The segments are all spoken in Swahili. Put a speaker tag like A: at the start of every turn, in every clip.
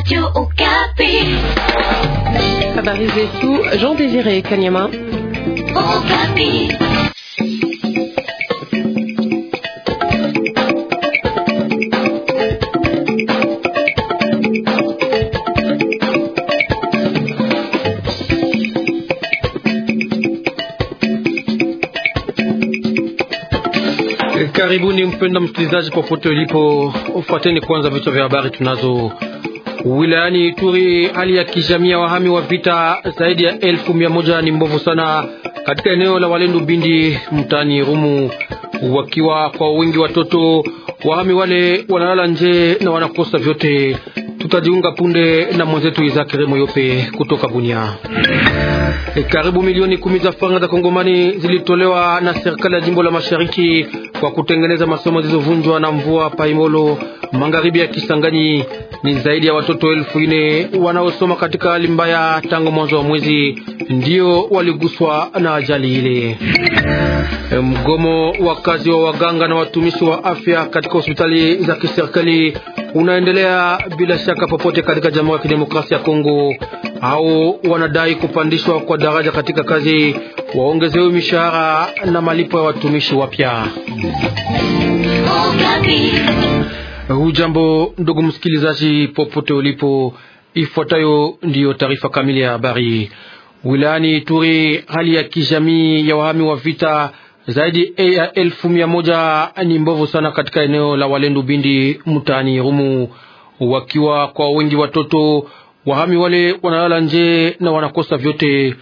A: Radio Okapi.
B: Habari zetu Jean Désiré Kanyama.
C: Okapi.
B: Karibuni mpenda msikilizaji, popote ulipo, ufuateni kwanza vichwa vya habari tunazo Wilayani Ituri hali ya kijamii ya wahami wa vita zaidi ya elfu mia moja ni mbovu sana katika eneo la Walendu Bindi mtani Rumu, wakiwa kwa wingi watoto. Wahami wale wanalala nje na wanakosa vyote. Tutajiunga punde na mwenzetu Izakiremo Yope kutoka Bunia. Eh, karibu milioni kumi za franga za Kongomani zilitolewa na serikali ya jimbo la mashariki kwa kutengeneza masomo zilizovunjwa na mvua Paimolo, magharibi ya Kisangani. Ni zaidi ya watoto elfu ine wanaosoma katika hali mbaya tangu mwanzo wa mwezi ndio waliguswa na ajali ile. Eh, mgomo wakazi wa waganga na watumishi wa afya katika hospitali za kiserikali unaendelea bila shaka popote katika Jamhuri ya Kidemokrasia ya Kongo au wanadai kupandishwa kwa daraja katika kazi, waongezewe mishahara na malipo ya watumishi wapya. Hujambo ndugu msikilizaji, popote ulipo, ifuatayo ndiyo taarifa kamili ya habari. Wilayani Ituri, hali ya kijamii ya wahami wa vita zaidi ya elfu mia moja ni mbovu sana katika eneo la Walendu Bindi mtaani Rumu, wakiwa kwa wengi watoto Wahami wale wanalala nje na wanakosa vyote.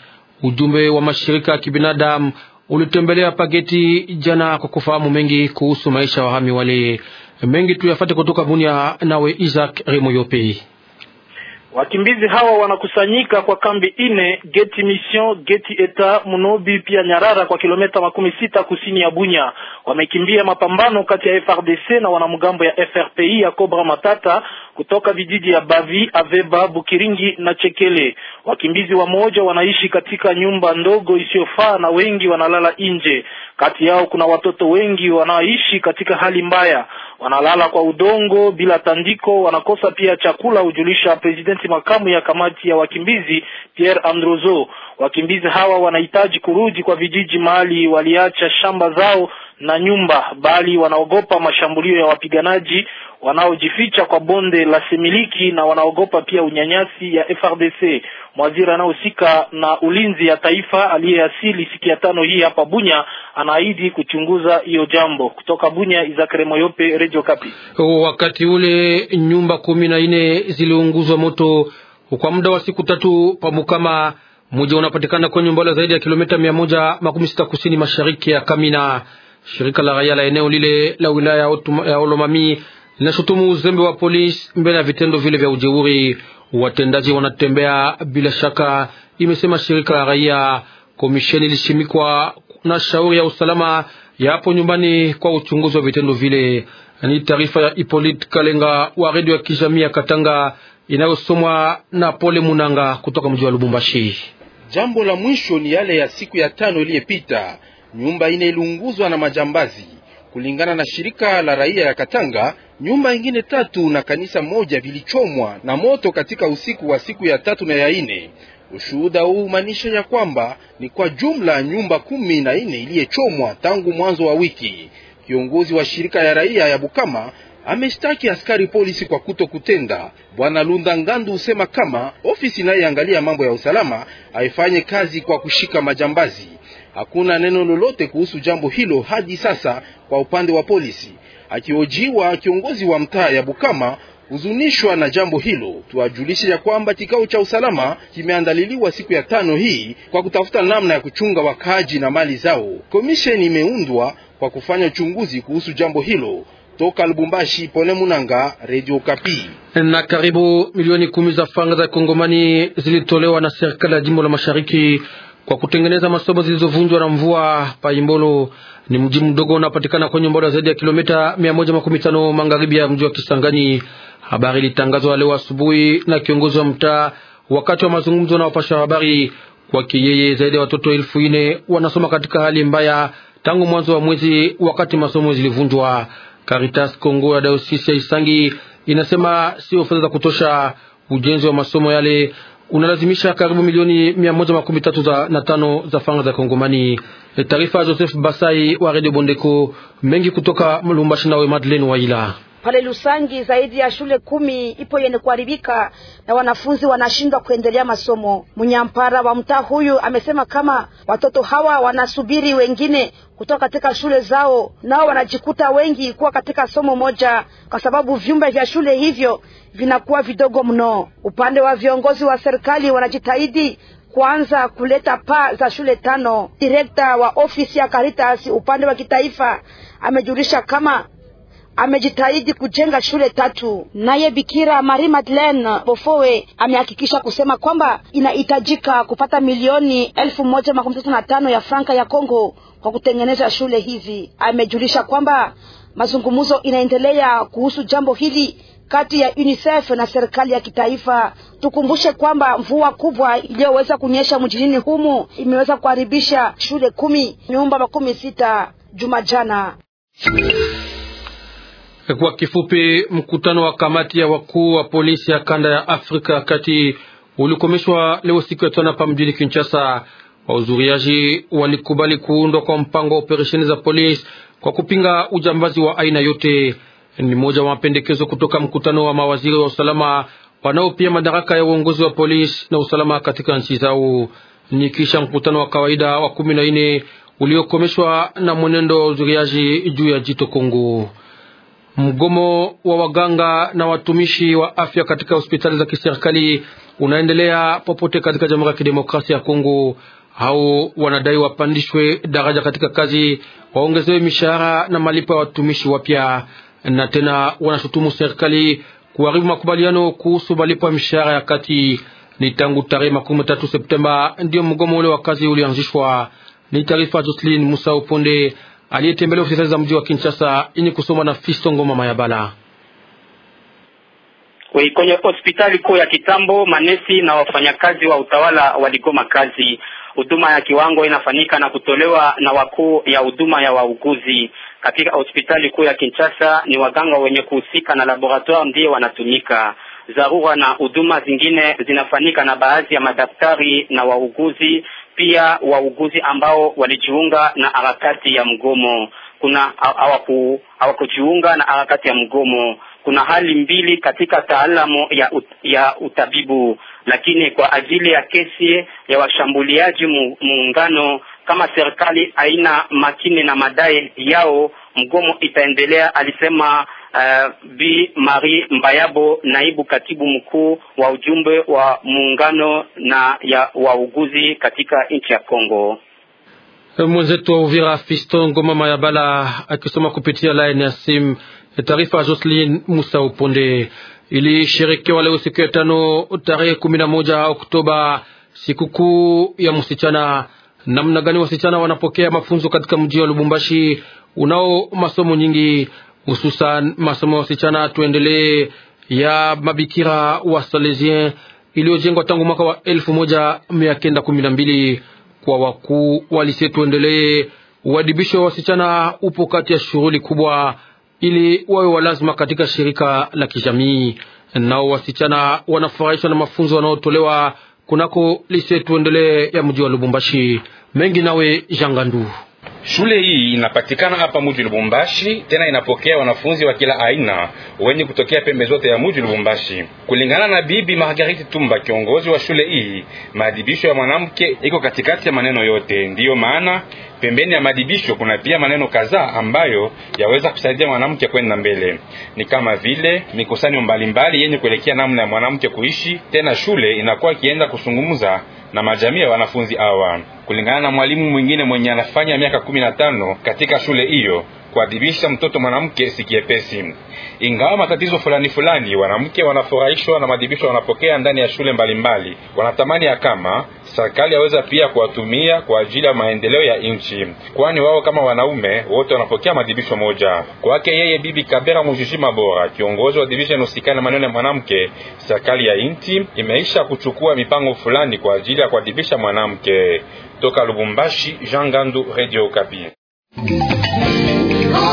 B: Ujumbe wa mashirika ya kibinadamu ulitembelea Pageti jana kwa kufahamu mengi kuhusu maisha ya wahami wale. Mengi tuyafate kutoka Bunia, nawe Isaac Remoyope.
C: Wakimbizi hawa wanakusanyika kwa kambi ine Geti Mission, Geti Eta, Munobi pia Nyarara kwa kilomita makumi sita kusini ya Bunya. Wamekimbia mapambano kati ya FRDC na wanamgambo ya FRPI ya Cobra Matata kutoka vijiji ya Bavi, Aveba, Bukiringi na Chekele. Wakimbizi wamoja wanaishi katika nyumba ndogo isiyofaa na wengi wanalala nje. Kati yao kuna watoto wengi wanaoishi katika hali mbaya, wanalala kwa udongo bila tandiko, wanakosa pia chakula, hujulisha presidenti makamu ya kamati ya wakimbizi Pierre Androzo. Wakimbizi hawa wanahitaji kurudi kwa vijiji mahali waliacha shamba zao na nyumba, bali wanaogopa mashambulio ya wapiganaji wanaojificha kwa bonde la Semiliki na wanaogopa pia unyanyasi ya FRDC. Mwaziri anayehusika na ulinzi ya taifa aliyeasili siku ya tano hii hapa Bunya anaahidi kuchunguza hiyo jambo. Kutoka Bunya, Izakre Moyope, Radio Kapi.
B: Wakati ule nyumba kumi na nne ziliunguzwa moto kwa muda wa siku tatu Pamukama, mji unapatikana kwenye umbali zaidi ya kilomita mia moja makumi sita kusini mashariki ya Kamina. Shirika la raia la eneo lile la wilaya ya Olomami linashutumu uzembe wa polisi mbele ya vitendo vile vya ujeuri. Watendaji wanatembea bila shaka, imesema shirika la raia. Komisheni ilishimikwa na shauri ya usalama ya hapo nyumbani kwa uchunguzi wa vitendo vile. Ni taarifa ya Hippolyte Kalenga wa redio ya kijamii ya Katanga inayosomwa na Pole Munanga kutoka mji wa Lubumbashi.
D: Jambo la mwisho ni yale ya siku ya tano iliyopita nyumba ine iliunguzwa na majambazi. Kulingana na shirika la raia ya Katanga, nyumba ingine tatu na kanisa moja vilichomwa na moto katika usiku wa siku ya tatu na ya ine. Ushuhuda huu umaanisha ya kwamba ni kwa jumla nyumba kumi na ine iliyechomwa tangu mwanzo wa wiki. Kiongozi wa shirika ya raia ya Bukama ameshtaki askari polisi kwa kuto kutenda. Bwana Lunda Ngandu husema kama ofisi inayoangalia mambo ya usalama haifanye kazi kwa kushika majambazi. Hakuna neno lolote kuhusu jambo hilo hadi sasa kwa upande wa polisi. Akiojiwa kiongozi wa mtaa ya Bukama huzunishwa na jambo hilo. Tuwajulishe ya kwamba kikao cha usalama kimeandaliliwa siku ya tano hii kwa kutafuta namna ya kuchunga wakaaji na mali zao. Komisheni imeundwa kwa kufanya uchunguzi kuhusu jambo hilo. Toka Lubumbashi, Pole Munanga, Radio Kapi.
B: Na karibu milioni kumi za fanga za Kongomani zilitolewa na serikali ya jimbo la Mashariki kwa kutengeneza masomo zilizovunjwa na mvua Paimbolo. Ni mji mdogo unapatikana kwenye umbali zaidi ya kilomita tano magharibi ya mji wa Kisangani. Habari ilitangazwa leo asubuhi na kiongozi wa mtaa wakati wa mazungumzo na wapasha habari. Kwake yeye, zaidi ya watoto elfu nne wanasoma katika hali mbaya tangu mwanzo wa mwezi, wakati masomo zilivunjwa. Caritas congo ya Dayosisi ya Isangi inasema sio fedha za kutosha. Ujenzi wa masomo yale unalazimisha karibu milioni mia moja makumi tatu za, na tano za fanga za Kongomani. E, taarifa ya Joseph Basai wa Radio Bondeko mengi kutoka Lubumbashi, nawe Madeleine Waila.
A: Pale Lusangi zaidi ya shule kumi ipo yenye kuharibika na wanafunzi wanashindwa kuendelea masomo. Mnyampara wa mtaa huyu amesema kama watoto hawa wanasubiri wengine kutoka katika shule zao, nao wanajikuta wengi kuwa katika somo moja, kwa sababu vyumba vya shule hivyo vinakuwa vidogo mno. Upande wa viongozi wa serikali wanajitahidi kuanza kuleta paa za shule tano. Direkta wa ofisi ya Caritas upande wa kitaifa amejulisha kama amejitahidi kujenga shule tatu. Naye Bikira Marie Madeleine Bofowe amehakikisha kusema kwamba inahitajika kupata milioni elfu moja makumi tatu na tano ya franka ya Kongo kwa kutengeneza shule hizi. Amejulisha kwamba mazungumzo inaendelea kuhusu jambo hili kati ya UNICEF na serikali ya kitaifa. Tukumbushe kwamba mvua kubwa iliyoweza kunyesha mjini humu imeweza kuharibisha shule kumi, nyumba makumi sita juma jana.
B: Kwa kifupi, mkutano wa kamati ya wakuu wa polisi ya kanda ya Afrika kati ulikomeshwa leo siku ya tano hapa mjini Kinshasa. Wauzuriaji walikubali kuundwa kwa mpango wa operesheni za polisi kwa kupinga ujambazi wa aina yote. Ni moja wa mapendekezo kutoka mkutano wa mawaziri wa usalama wanaopia madaraka ya uongozi wa polisi na usalama katika nchi zao. Ni kisha mkutano wa kawaida wa kumi na nne uliokomeshwa na mwenendo wa uzuriaji juu ya jito Kongo. Mgomo wa waganga na watumishi wa afya katika hospitali za kiserikali unaendelea popote katika Jamhuri ya Kidemokrasia ya Kongo. Hao wanadai wapandishwe daraja katika kazi, waongezewe mishahara na malipo ya watumishi wapya, na tena wanashutumu serikali kuharibu makubaliano kuhusu malipo ya mishahara ya kati. Ni tangu tarehe makumi tatu Septemba ndio mgomo ule wa kazi ulianzishwa. Ni taarifa Jocelyn Musa Uponde aliyetembelea hospitali za mji wa Kinshasa yenye kusoma na Fisto Ngoma Mayabala
E: kwenye hospitali kuu ya Kitambo, manesi na wafanyakazi wa utawala waligoma kazi. Huduma ya kiwango inafanyika na kutolewa na wakuu ya huduma ya wauguzi katika hospitali kuu ya Kinshasa. Ni waganga wenye kuhusika na laboratoire ndiye wanatumika. Dharura na huduma zingine zinafanyika na baadhi ya madaktari na wauguzi pia wauguzi ambao walijiunga na harakati ya mgomo kuna hawakujiunga na harakati ya mgomo. Kuna hali mbili katika taalamu ya, ut, ya utabibu, lakini kwa ajili ya kesi ya washambuliaji muungano, kama serikali haina makini na madai yao, mgomo itaendelea, alisema uh, eh, Bi Marie Mbayabo, naibu katibu mkuu wa ujumbe wa muungano na ya wauguzi katika nchi ya Kongo.
B: Eh, mwenzetu wa Uvira Fiston Ngoma Mayabala akisoma kupitia line ya simu eh, taarifa ya Jocelyn Musa Uponde. Ilisherekewa leo siku ya tano tarehe kumi na moja Oktoba sikukuu ya msichana. Namna gani wasichana wanapokea mafunzo katika mji wa Lubumbashi unao masomo nyingi hususan masomo ya wasichana tuendelee ya mabikira wa Salesien iliyojengwa tangu mwaka wa elfu moja mia kenda kumi na mbili kwa wakuu walise. Tuendelee uadibisho wa wasichana upo kati ya shughuli kubwa ili wawe walazima katika shirika la kijamii. Nao wasichana wanafurahishwa na mafunzo wanaotolewa kunako lise tuendelee ya mji wa Lubumbashi.
F: Mengi nawe jangandu Shule hii inapatikana hapa muji Lubumbashi, tena inapokea wanafunzi wa kila aina wenye kutokea pembe zote ya muji Lubumbashi. Kulingana na bibi Margariti Tumba, kiongozi wa shule hii, maadibisho ya mwanamke iko katikati ya maneno yote. Ndiyo maana pembeni ya maadibisho kuna pia maneno kadhaa ambayo yaweza kusaidia mwanamke kwenda mbele, ni kama vile mikusanyo mbalimbali yenye kuelekea namna ya mwanamke kuishi. Tena shule inakuwa ikienda kusungumza na majamii ya wanafunzi hawa, kulingana na mwalimu mwingine mwenye anafanya miaka kumi na tano katika shule hiyo kuadhibisha mtoto mwanamke si kiepesi. Ingawa matatizo fulani fulani, wanamke wanafurahishwa na madhibisho wanapokea ndani ya shule mbalimbali mbali. Wanatamani ya kama serikali yaweza pia kuwatumia kwa ajili ya maendeleo ya nchi, kwani wao kama wanaume wote wanapokea madhibisho moja. Kwake yeye Bibi Kabera Mujishima Bora, kiongozi wa division usikani na maneno ya mwanamke, serikali ya nchi imeisha kuchukua mipango fulani kwa ajili ya kuadhibisha mwanamke. Toka Lubumbashi, Jean Gandu, Radio Okapi.